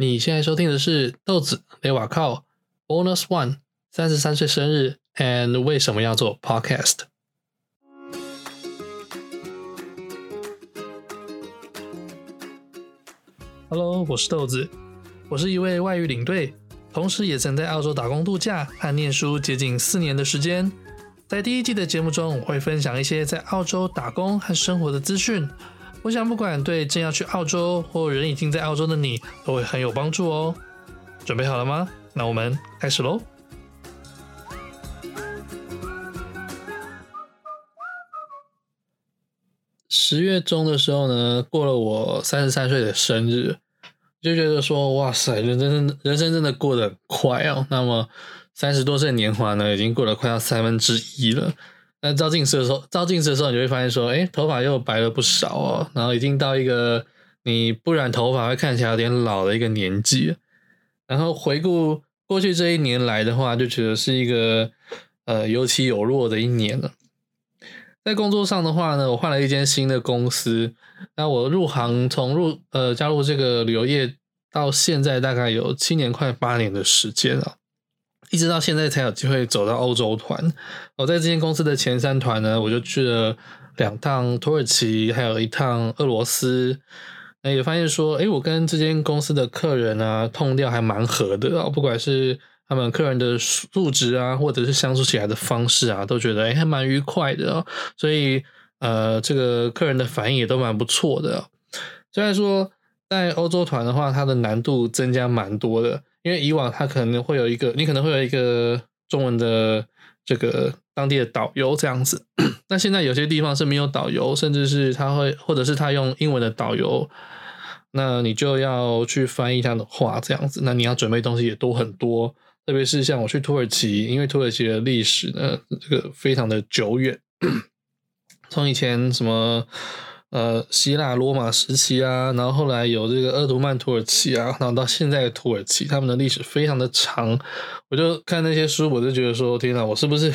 你現在收聽的是豆子勒瓦靠 Bonus One 三十三歲生日，and 為什麼要做 podcast？Hello，我是豆子，我是一位外語領隊，同時也曾在澳洲打工度假和念書接近四年的時間。在第一季的節目中，我會分享一些在澳洲打工和生活的資訊。我想，不管對正要去澳洲或人已經在澳洲的你，都會很有幫助哦。準備好了嗎？那我們開始嘍。十月中的時候呢，過了我三十三歲的生日，就覺得說，哇塞，人生人生真的過得很快哦。那麼三十多歲的年華呢，已經過了快要三分之一了。那照鏡子的時候，照鏡子的時候，你就會發現說，哎、欸，頭髮又白了不少哦，然後已經到一個你不染頭髮會看起來有點老的一個年紀。然後回顧過去這一年來的話，就覺得是一個呃有起有落的一年了。在工作上的話呢，我換了一間新的公司。那我入行從入呃加入這個旅遊業到現在，大概有七年快八年的時間了。一直到現在才有機會走到歐洲團，我在這間公司的前三團呢，我就去了兩趟土耳其，還有一趟俄羅斯，那也發現說，誒，我跟這間公司的客人啊，通調還蠻合的哦，不管是他們客人的素質啊，或者是相處起來的方式啊，都覺得誒、欸，還蠻愉快的哦。所以，呃，這個客人的反應也都蠻不錯的。雖然說在歐洲團的話，它的難度增加蠻多的。因為以往他可能會有一個，你可能會有一個中文的這個當地的導遊這樣子。但現在有些地方是沒有導遊，甚至是他會或者是他用英文的導遊，那你就要去翻譯他的話這樣子。那你要準備東西也多很多，特別是像我去土耳其，因為土耳其的歷史呢，這個非常的久遠，從以前什麼。呃，希臘、羅馬時期啊，然後後來有這個鄂圖曼土耳其啊，然後到現在的土耳其，他們的歷史非常的長。我就看那些書，我就覺得說，天哪，我是不是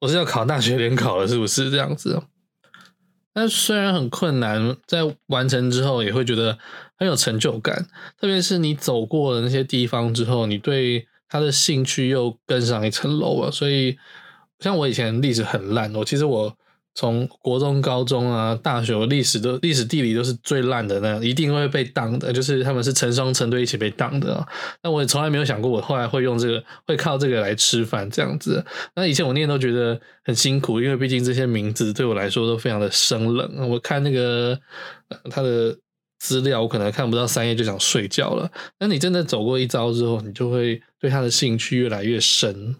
我是要考大學聯考了？是不是這樣子？但雖然很困難，在完成之後也會覺得很有成就感。特別是你走過了那些地方之後，你對他的興趣又更上一層樓了。所以，像我以前歷史很爛，我其實我。從國中、高中啊、大學歷史都歷史地理都是最爛的，那一定會被當的。就是他們是成雙成對一起被當的，哦。那我也從來沒有想過，我後來會用這個，會靠這個來吃飯這樣子。那以前我念都覺得很辛苦，因為畢竟這些名字對我來說都非常的生冷。我看那個、呃、他的資料，我可能看不到三頁就想睡覺了。那你真的走過一遭之後，你就會對他的興趣越來越深。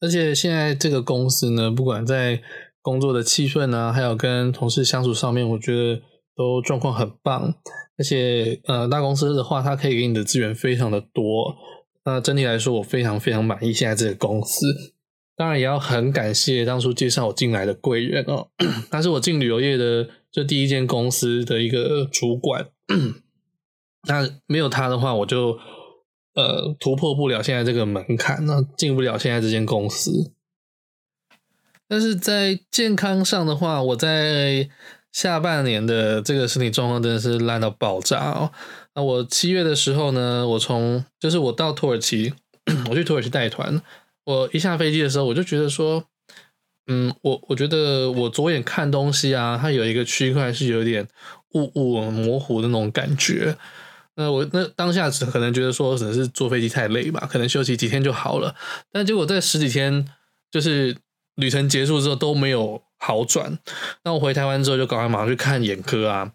而且現在這個公司呢，不管在工作的氣氛吶、啊，還有跟同事相處上面，我覺得都狀況很棒。而且，呃，大公司的話，它可以給你的資源非常的多。那整體來說，我非常非常滿意現在這個公司。當然，也要很感謝當初介紹我進來的貴人哦。他是我進旅遊業的這第一間公司的一個主管。那沒有他的話，我就呃突破不了現在這個門檻，那進不了現在這間公司。但是在健康上的話，我在下半年的這個身體狀況真的是爛到爆炸哦。那我七月的時候呢，我從就是我到土耳其，我去土耳其帶團，我一下飛機的時候我就覺得說，嗯，我我覺得我左眼看東西啊，它有一個區塊是有點霧霧模糊的那種感覺。那我那當下只可能覺得說，可能是坐飛機太累吧，可能休息幾天就好了。但結果在十幾天就是。旅程結束之後都沒有好轉，那我回台灣之後就趕快馬上去看眼科啊。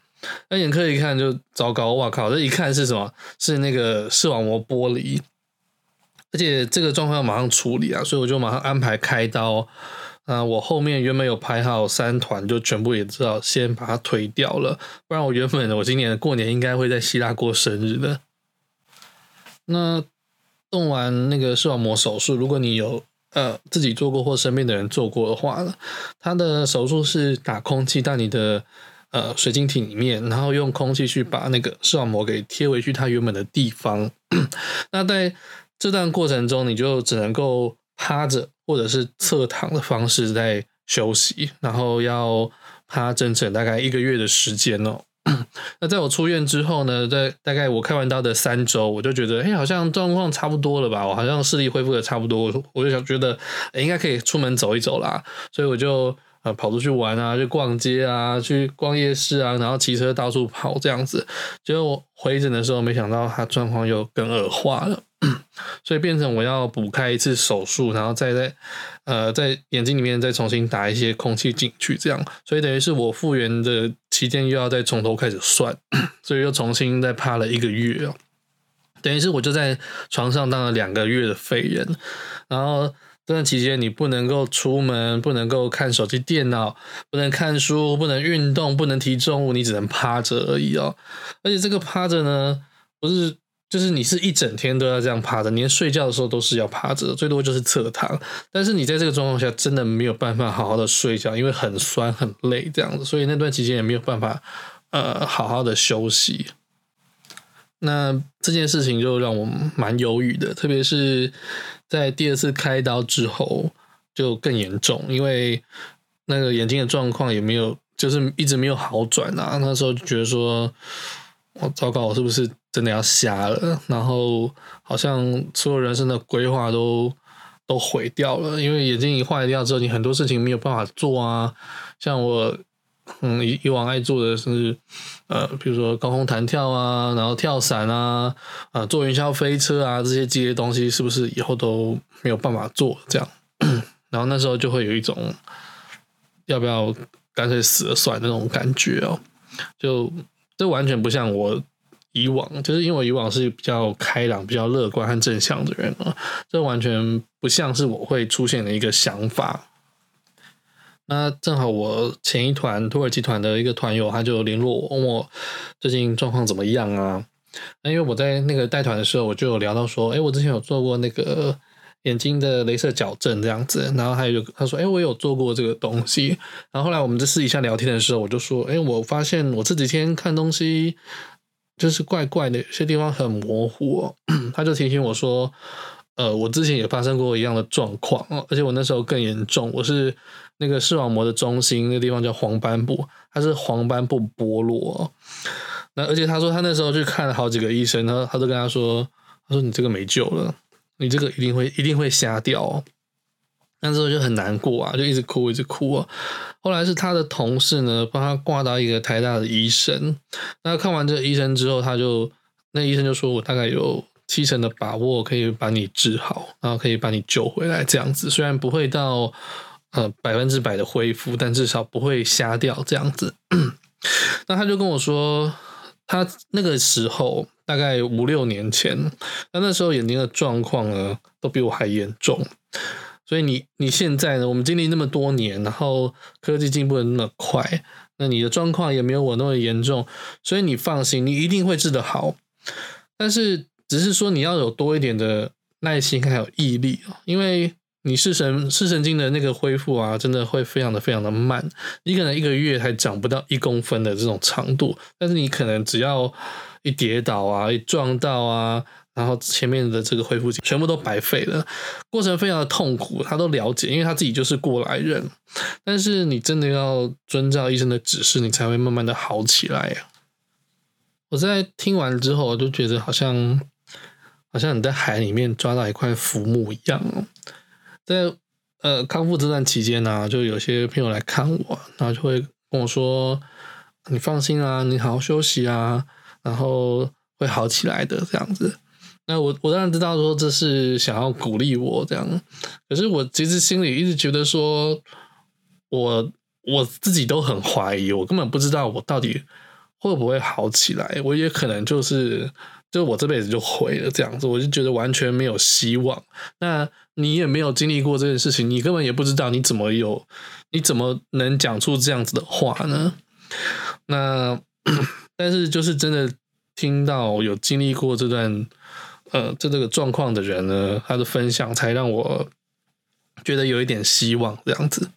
那眼科一看就糟糕，我靠，這一看是什麼？是那個視網膜剝離，而且這個狀況要馬上處理啊！所以我就馬上安排開刀。啊，我後面原本有排好三團，就全部也知道先把它推掉了，不然我原本我今年過年應該會在希臘過生日的。那動完那個視網膜手術，如果你有。呃，自己做過或身邊的人做過的話呢，他的手術是打空氣到你的呃水晶體裡面，然後用空氣去把那個視網膜給貼回去它原本的地方。 那在這段過程中，你就只能夠趴着或者是側躺的方式在休息，然後要趴整整大概一個月的時間哦。 那在我出院之後呢，在大概我開完刀的三週，我就覺得，哎、欸，好像狀況差不多了吧，我好像視力恢復的差不多，我就想覺得，誒、欸、應該可以出門走一走啦，所以我就呃跑出去玩啊，去逛街啊，去逛夜市啊，然後騎車到處跑這樣子，結果我回診的時候，沒想到他狀況又更惡化了。 所以變成我要補開一次手術，然後再在呃在眼睛裡面再重新打一些空氣進去，這樣，所以等於是我復原的期間又要再從頭開始算， 所以又重新再趴了一個月、喔，等於是我就在床上當了兩個月的廢人，然後這段期間你不能夠出門，不能夠看手機、電腦，不能看書，不能運動，不能提重物，你只能趴着而已哦、喔，而且這個趴着呢，不是。就是你是一整天都要這樣趴着，你連睡覺的時候都是要趴着，最多就是側躺。但是你在這個狀況下真的沒有辦法好好的睡覺，因為很酸很累這樣子，所以那段期間也沒有辦法呃好好的休息。那這件事情就讓我蠻憂鬱的，特別是在第二次開刀之後就更嚴重，因為那個眼睛的狀況也沒有，就是一直沒有好轉啊。那時候就覺得說。我、哦、糟糕，我是不是真的要瞎了？然後好像所有人生的規劃都都毀掉了，因為眼睛一壞掉之後，你很多事情沒有辦法做啊。像我嗯以，以往愛做的甚至呃，比如說高空彈跳啊，然後跳傘啊，啊、呃，坐雲霄飛車啊，這些這些東西，是不是以後都沒有辦法做？這樣， 然後那時候就會有一種要不要乾脆死了算那種感覺哦，就。這完全不像我以往，就是因為我以往是比較開朗、比較樂觀和正向的人啊。這完全不像是我會出現的一個想法。那正好我前一團土耳其團的一個團友，他就聯絡我，問我最近狀況怎麼樣啊？那因為我在那個帶團的時候，我就有聊到說，哎，我之前有做過那個。眼睛的鐳射矯正這樣子，然後還有他說：“哎、欸，我有做過這個東西。”然後後來我們在私底下聊天的時候，我就說：“哎、欸，我發現我這幾天看東西就是怪怪的，有些地方很模糊，哦。 ”他就提醒我說：“呃，我之前也發生過一樣的狀況，而且我那時候更嚴重，我是那個視網膜的中心那地方叫黃斑部，它是黃斑部剝落。”那而且他說他那時候去看了好幾個醫生，他他都跟他說：“他說你這個沒救了。”你這個一定會一定會瞎掉哦。那之後就很難過啊，就一直哭一直哭啊。後來是他的同事呢幫他掛到一個台大的醫生，那看完這個醫生之後，他就那醫生就說，我大概有七成的把握可以把你治好，然後可以把你救回來這樣子。雖然不會到呃百分之百的恢復，但至少不會瞎掉這樣子。 那他就跟我說，他那個時候。大概五六年前，那那時候眼睛的狀況呢，都比我還嚴重。所以你你現在呢，我們經歷那麼多年，然後科技進步的那麼快，那你的狀況也沒有我那麼嚴重。所以你放心，你一定會治得好。但是只是說你要有多一點的耐心還有毅力，因為你視神視神經的那個恢復啊，真的會非常的非常的慢。你可能一個月還長不到一公分的這種長度，但是你可能只要。一跌倒啊，一撞到啊，然後前面的這個恢復全部都白費了，過程非常的痛苦，他都了解，因為他自己就是過來人。但是你真的要遵照醫生的指示，你才會慢慢的好起來呀。我在聽完之後，我就覺得好像，好像你在海裡面抓到一塊浮木一樣。在呃康復這段期間呢、啊，就有些朋友來看我，然後就會跟我說：“你放心啊，你好好休息啊。”然後會好起來的，這樣子。那我我當然知道說這是想要鼓勵我這樣，可是我其實心裡一直覺得說，我我自己都很懷疑，我根本不知道我到底會不會好起來。我也可能就是，就我這輩子就毀了這樣子。我就覺得完全沒有希望。那你也沒有經歷過這件事情，你根本也不知道你怎麼有，你怎麼能講出這樣子的話呢？那。 但是，就是真的聽到有經歷過這段，呃，這這個狀況的人呢，他的分享才讓我覺得有一點希望這樣子。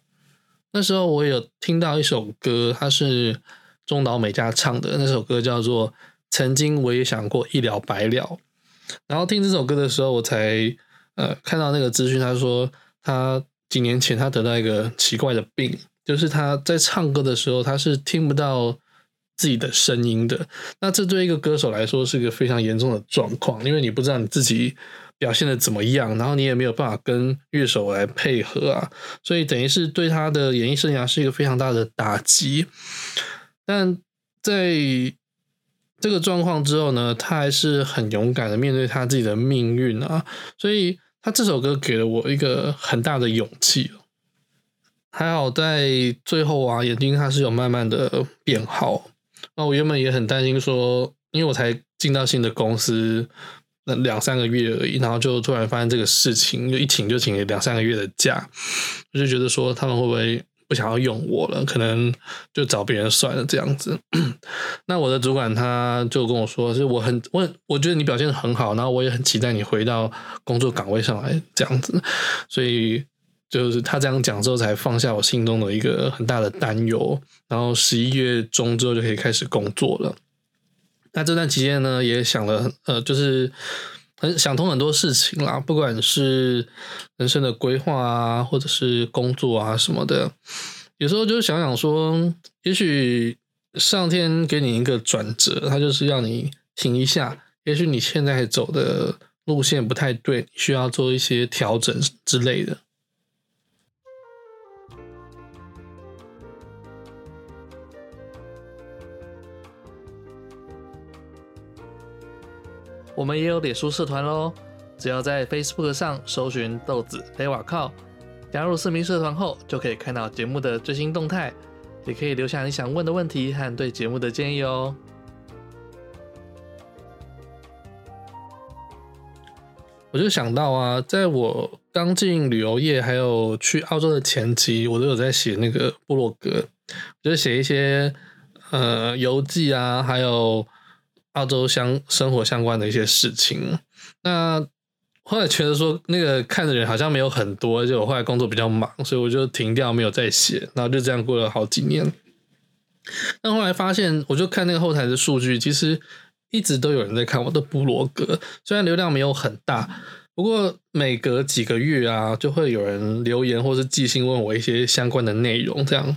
那時候我有聽到一首歌，他是中島美嘉唱的，那首歌叫做《曾經我也想過一了百了》。然後聽這首歌的時候，我才呃看到那個資訊，他說他幾年前他得到一個奇怪的病，就是他在唱歌的時候他是聽不到。自己的聲音的，那這對一個歌手來說是一個非常嚴重的狀況，因為你不知道你自己表現的怎麼樣，然後你也沒有辦法跟樂手來配合啊，所以等於是對他的演藝生涯是一個非常大的打擊。但在這個狀況之後呢，他還是很勇敢的面對他自己的命運啊，所以他這首歌給了我一個很大的勇氣。還好在最後啊，眼睛它是有慢慢的變好。那我原本也很擔心說，說因為我才進到新的公司那兩三個月而已，然後就突然發現這個事情，就一請就請了兩三個月的假，我就覺得說他們會不會不想要用我了？可能就找別人算了這樣子。 那我的主管他就跟我說，是我很我我覺得你表現得很好，然後我也很期待你回到工作崗位上來這樣子，所以。就是他這樣講之後，才放下我心中的一個很大的擔憂。然後十一月中之後就可以開始工作了。那這段期間呢，也想了很呃，就是很想通很多事情啦，不管是人生的規劃啊，或者是工作啊什麼的。有時候就是想想說，也許上天給你一個轉折，他就是要你停一下。也許你現在走的路線不太對，需要做一些調整之類的。我們也有臉書社團嘍，只要在 Facebook 上搜尋“豆子勒瓦靠”，加入私密社團後，就可以看到節目的最新動態，也可以留下你想問的問題和對節目的建議哦。我就想到啊，在我剛進旅遊業，還有去澳洲的前期，我都有在寫那個部落格，我就是寫一些呃遊記啊，還有。澳洲相生活相關的一些事情，那後來覺得說那個看的人好像沒有很多，就我後來工作比較忙，所以我就停掉，沒有再寫，然後就這樣過了好幾年。那後來發現，我就看那個後台的數據，其實一直都有人在看我的部落格，雖然流量沒有很大，不過每隔幾個月啊，就會有人留言或是寄信問我一些相關的內容，這樣，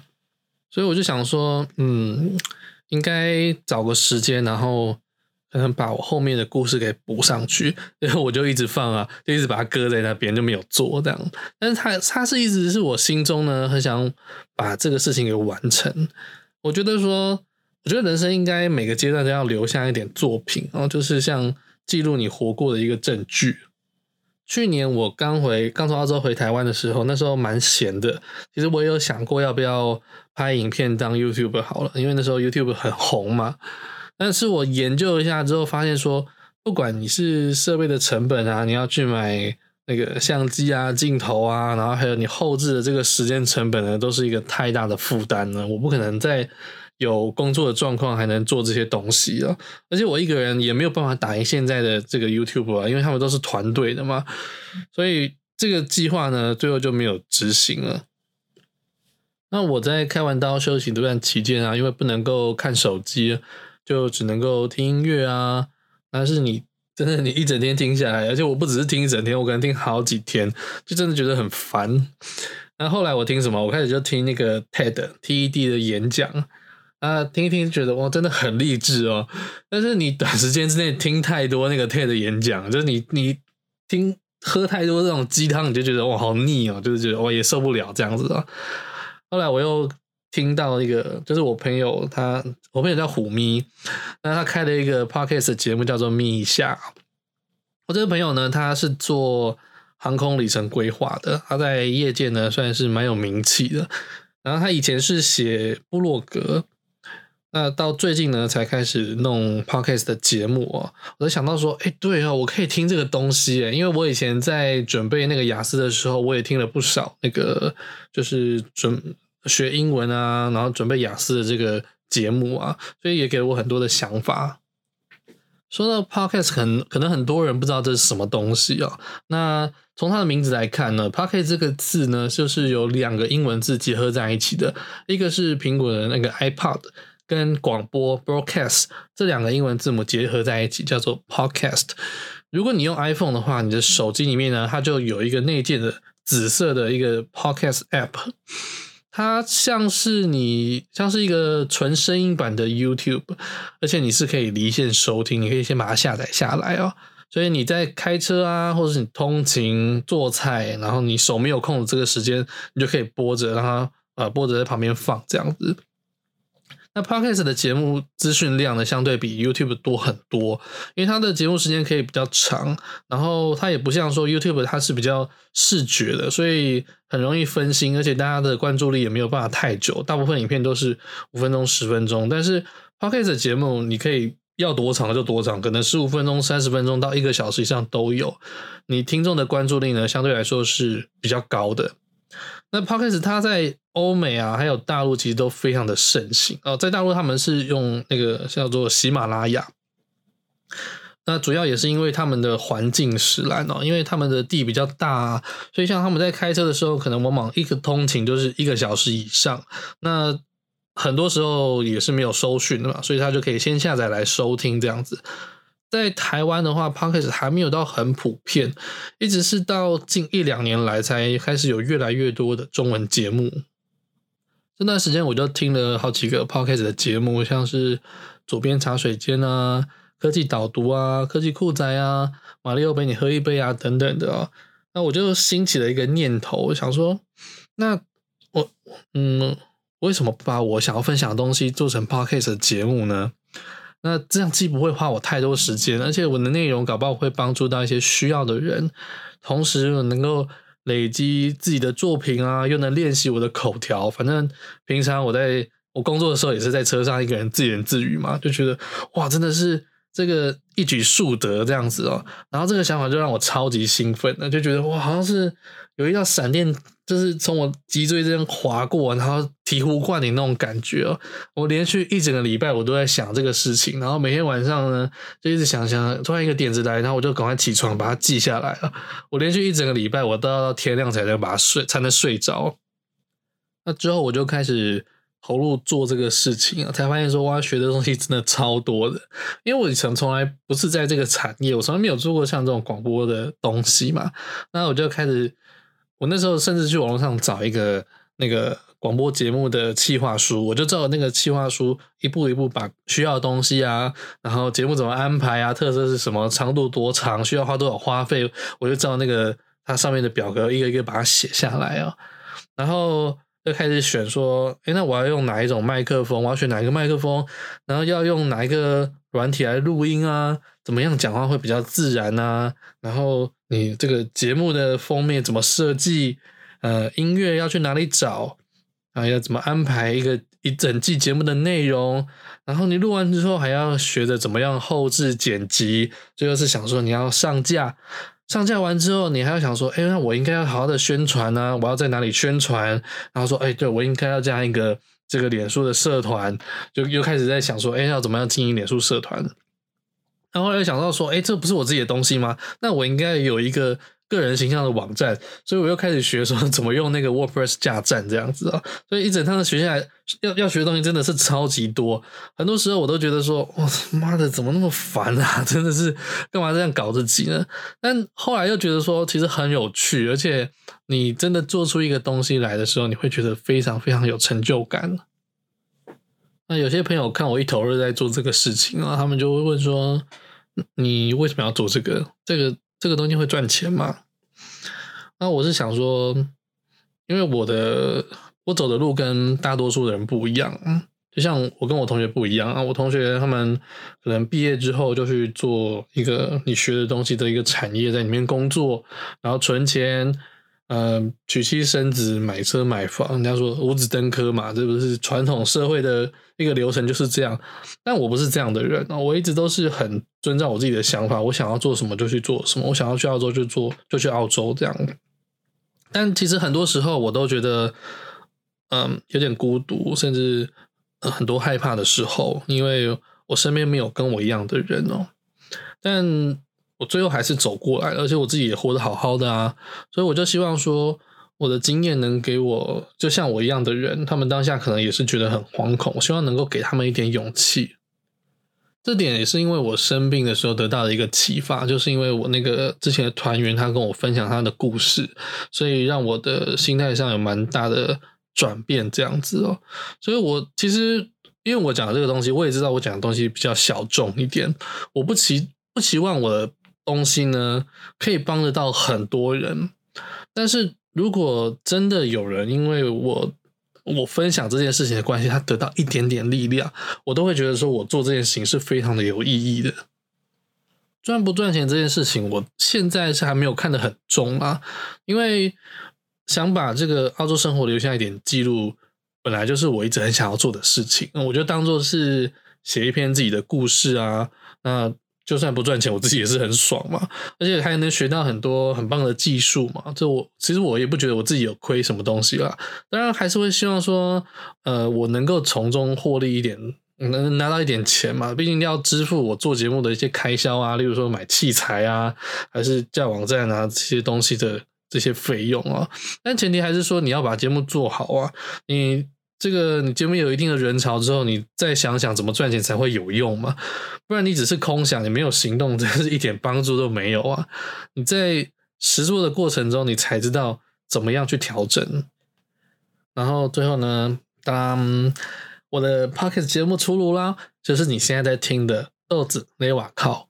所以我就想說，嗯，應該找個時間，然後。可能把我後面的故事給補上去，然後我就一直放啊，就一直把它擱在那邊，就沒有做這樣。但是他，他他是一直是我心中呢，很想把這個事情給完成。我覺得說，我覺得人生應該每個階段都要留下一點作品然後、哦、就是像記錄你活過的一個證據。去年我剛回，剛從澳洲回台灣的時候，那時候蠻閒的。其實我也有想過要不要拍影片當 YouTube 好了，因為那時候 YouTube 很紅嘛。但是我研究一下之後，發現說，不管你是設備的成本啊，你要去買那個相機啊、鏡頭啊，然後還有你後製的這個時間成本呢，都是一個太大的負擔了。我不可能在有工作的狀況還能做這些東西了、啊。而且我一個人也沒有辦法打贏現在的這個 YouTube 啊，因為他們都是團隊的嘛。所以這個計劃呢，最後就沒有執行了。那我在開完刀休息這段期間啊，因為不能夠看手機。就只能夠聽音樂啊，但是你真的你一整天聽下來，而且我不只是聽一整天，我可能聽好幾天，就真的覺得很煩。那後來我聽什麼？我開始就聽那個 TED TED 的演講啊，聽一聽覺得哇，真的很勵志哦。但是你短時間之內聽太多那個 TED 演講，就是你你聽喝太多這種雞湯，你就覺得哇好膩哦，就是覺得哇也受不了這樣子哦。後來我又。聽到一個，就是我朋友他，我朋友叫虎咪，那他開了一個 podcast 的節目，叫做咪一下。我這個朋友呢，他是做航空里程規劃的，他在業界呢算是蠻有名氣的。然後他以前是寫部落格，那到最近呢才開始弄 podcast 的節目哦、啊、我就想到說，哎，對啊、哦，我可以聽這個東西，因為我以前在準備那個雅思的時候，我也聽了不少那個，就是準。學英文啊，然後準備雅思的這個節目啊，所以也給了我很多的想法。說到 podcast，可能可能很多人不知道這是什麼東西啊。那從它的名字來看呢，podcast 這個字呢，就是有兩個英文字結合在一起的，一個是蘋果的那個 iPod，跟廣播 broadcast，這兩個英文字母結合在一起，叫做 podcast。如果你用 iPhone 的話，你的手機裡面呢，它就有一個內建的紫色的一個 podcast app。它像是，你像是一個純聲音版的 YouTube，而且你是可以離線收聽，你可以先把它下載下來哦。所以你在開車啊，或者是你通勤、做菜，然後你手沒有空的這個時間，你就可以播着，讓它呃播着在旁邊放這樣子。那 Podcast 的節目資訊量呢，相對比 YouTube 多很多，因為它的節目時間可以比較長，然後它也不像說 YouTube，它是比較視覺的，所以很容易分心，而且大家的關注力也沒有辦法太久，大部分影片都是五分鐘、十分鐘。但是 Podcast 的節目你可以要多長就多長，可能十五分鐘、三十分鐘到一個小時以上都有，你聽眾的關注力呢，相對來說是比較高的。那 Podcast 它在歐美啊，還有大陸其實都非常的盛行哦。在大陸他們是用那個叫做喜馬拉雅，那主要也是因為他們的環境使然哦，因為他們的地比較大，所以像他們在開車的時候，可能往往一個通勤就是一個小時以上。那很多時候也是沒有收訊的嘛，所以他就可以先下載來收聽這樣子。在台灣的話，Podcast 還沒有到很普遍，一直是到近一兩年來才開始有越來越多的中文節目。這段時間我就聽了好幾個 Podcast 的節目，像是左邊茶水間啊、科技島讀啊、科技酷宅啊、馬力歐陪你喝一杯啊等等的哦。那我就興起了一個念頭，我想說，那我嗯，為什麼不把我想要分享的東西做成 Podcast 的節目呢？那這樣既不會花我太多時間，而且我的內容搞不好會幫助到一些需要的人，同時我能夠，累積自己的作品啊，又能練習我的口條。反正平常我在我工作的時候也是在車上一個人自言自語嘛，就覺得哇，真的是這個一舉數得這樣子哦。然後這個想法就讓我超級興奮，那就覺得哇，好像是有一道閃電，就是從我脊椎這邊劃過，然後。醍醐灌頂那種感覺哦！我連續一整個禮拜，我都在想這個事情，然後每天晚上呢，就一直想想，突然一個點子來，然後我就趕快起床把它記下來了。我連續一整個禮拜，我都要到天亮才能把它睡，才能睡着。那之後我就開始投入做這個事情啊，才發現說哇，學的東西真的超多的。因為我以前從來不是在這個產業，我從來沒有做過像這種廣播的東西嘛。那我就開始，我那時候甚至去網絡上找一個那個。廣播節目的企劃書，我就照那個企劃書一步一步把需要的東西啊，然後節目怎麼安排啊，特色是什麼，長度多長，需要花多少花費，我就照那個它上面的表格一個一個把它寫下來啊、哦。然後又開始選說，誒，那我要用哪一種麥克風？我要選哪一個麥克風？然後要用哪一個軟體來錄音啊？怎麼樣講話會比較自然吶、啊，然後你這個節目的封面怎麼設計？呃，音樂要去哪裡找？要怎麼安排一個一整季節目的內容？然後你錄完之後還要學着怎麼樣後製剪輯。最後是想說你要上架，上架完之後你還要想說，哎，那我應該要好好的宣傳啊，我要在哪裡宣傳？然後說，哎，對，我應該要加一個這個臉書的社團，就又開始在想說，哎，要怎麼樣經營臉書社團？然後，後來又想到說，哎，這不是我自己的東西嗎？那我應該有一個。個人形象的網站，所以我又開始學說怎麼用那個 WordPress 架站這樣子啊，所以一整套的學下來，要要學的東西真的是超級多，很多時候我都覺得說，我、哦、媽的，怎麼那麼煩啊？真的是幹嘛這樣搞自己呢？但後來又覺得說，其實很有趣，而且你真的做出一個東西來的時候，你會覺得非常非常有成就感。那有些朋友看我一頭熱在做這個事情啊，然後他們就會問說，你為什麼要做這個？這個？這個東西會賺錢嗎？那我是想說，因為我的我走的路跟大多數的人不一樣，就像我跟我同學不一樣啊，我同學他們可能畢業之後就去做一個你學的東西的一個產業在裡面工作，然後存錢。呃、嗯，娶妻生子、買車買房，人家說五子登科嘛，這不是傳統社會的一個流程，就是這樣。但我不是這樣的人，我一直都是很尊重我自己的想法，我想要做什麼就去做什麼，我想要去澳洲就做，就去澳洲這樣。但其實很多時候我都覺得，嗯，有點孤獨，甚至、呃、很多害怕的時候，因為我身邊沒有跟我一樣的人哦、喔。但我最後還是走過來，而且我自己也活得好好的啊，所以我就希望說，我的經驗能給我，就像我一樣的人，他們當下可能也是覺得很惶恐，我希望能夠給他們一點勇氣。這點也是因為我生病的時候得到的一個啟發，就是因為我那個之前的團員，他跟我分享他的故事，所以讓我的心態上有蠻大的轉變，這樣子哦。所以我其實因為我講的這個東西，我也知道我講的東西比較小眾一點，我不期不期望我。東西呢，可以幫得到很多人，但是如果真的有人因為我我分享這件事情的關係，他得到一點點力量，我都會覺得說我做這件事情是非常的有意義的。賺不賺錢這件事情，我現在是還沒有看得很重啊，因為想把這個澳洲生活留下一點記錄，本來就是我一直很想要做的事情，那我就當做是寫一篇自己的故事啊，那。就算不賺錢，我自己也是很爽嘛，而且還能學到很多很棒的技術嘛。這我其實我也不覺得我自己有虧什麼東西啦。當然還是會希望說，呃，我能夠從中獲利一點，能拿到一點錢嘛。畢竟要支付我做節目的一些開銷啊，例如說買器材啊，還是架網站啊這些東西的這些費用啊。但前提還是說你要把節目做好啊，你。這個你節目有一定的人潮之後，你再想想怎麼賺錢才會有用嘛。不然你只是空想，你沒有行動，真是一點幫助都沒有啊！你在實做的過程中，你才知道怎麼樣去調整。然後最後呢，當我的 Podcast 節目出爐啦，就是你現在在聽的豆子勒瓦靠。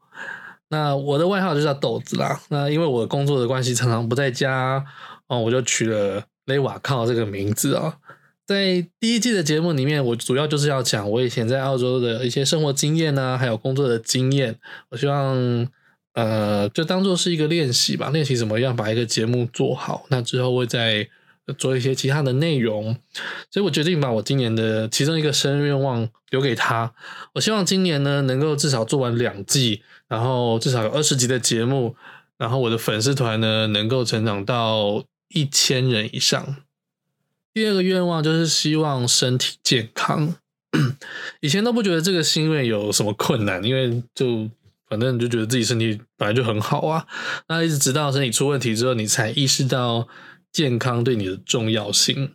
那我的外號就叫豆子啦。那因為我工作的關係，常常不在家哦，我就取了勒瓦靠這個名字啊、哦。在第一季的節目裡面，我主要就是要講我以前在澳洲的一些生活經驗吶、啊，還有工作的經驗。我希望，呃，就當做是一個練習吧，練習怎麼樣把一個節目做好。那之後會再做一些其他的內容，所以我決定把我今年的其中一個生日願望留給他。我希望今年呢，能夠至少做完兩季，然後至少有二十集的節目，然後我的粉絲團呢，能夠成長到一千人以上。第二個願望就是希望身體健康。 以前都不覺得這個心願有什麼困難，因為就反正你就覺得自己身體本來就很好啊。那一直直到身體出問題之後，你才意識到健康對你的重要性。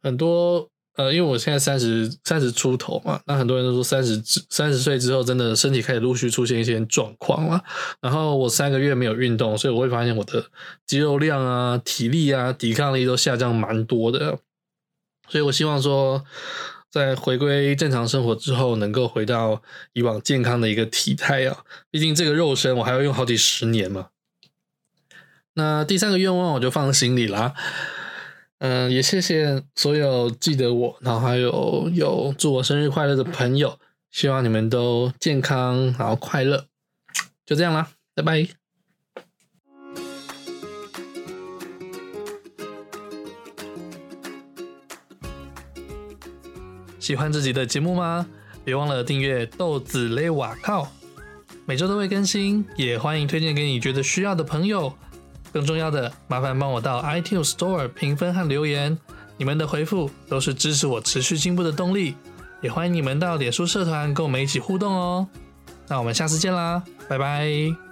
很多呃，因為我現在三十三十出頭嘛，那很多人都說三十三十歲之後真的身體開始陸續出現一些狀況了。然後我三個月沒有運動，所以我會發現我的肌肉量啊、體力啊、抵抗力都下降蠻多的。所以，我希望說，在回歸正常生活之後，能夠回到以往健康的一個體態啊。畢竟，這個肉身我還要用好幾十年嘛。那第三個願望我就放心裡啦。嗯，也謝謝所有記得我，然後還有有祝我生日快樂的朋友。希望你們都健康，然後快樂。就這樣啦，拜拜。喜歡這集的節目嗎？別忘了訂閱豆子勒瓦靠，每周都會更新，也歡迎推薦給你覺得需要的朋友。更重要的，麻煩幫我到 iTunes Store 評分和留言，你們的回覆都是支持我持續進步的動力。也歡迎你們到臉書社團跟我們一起互動哦。那我們下次見啦，拜拜。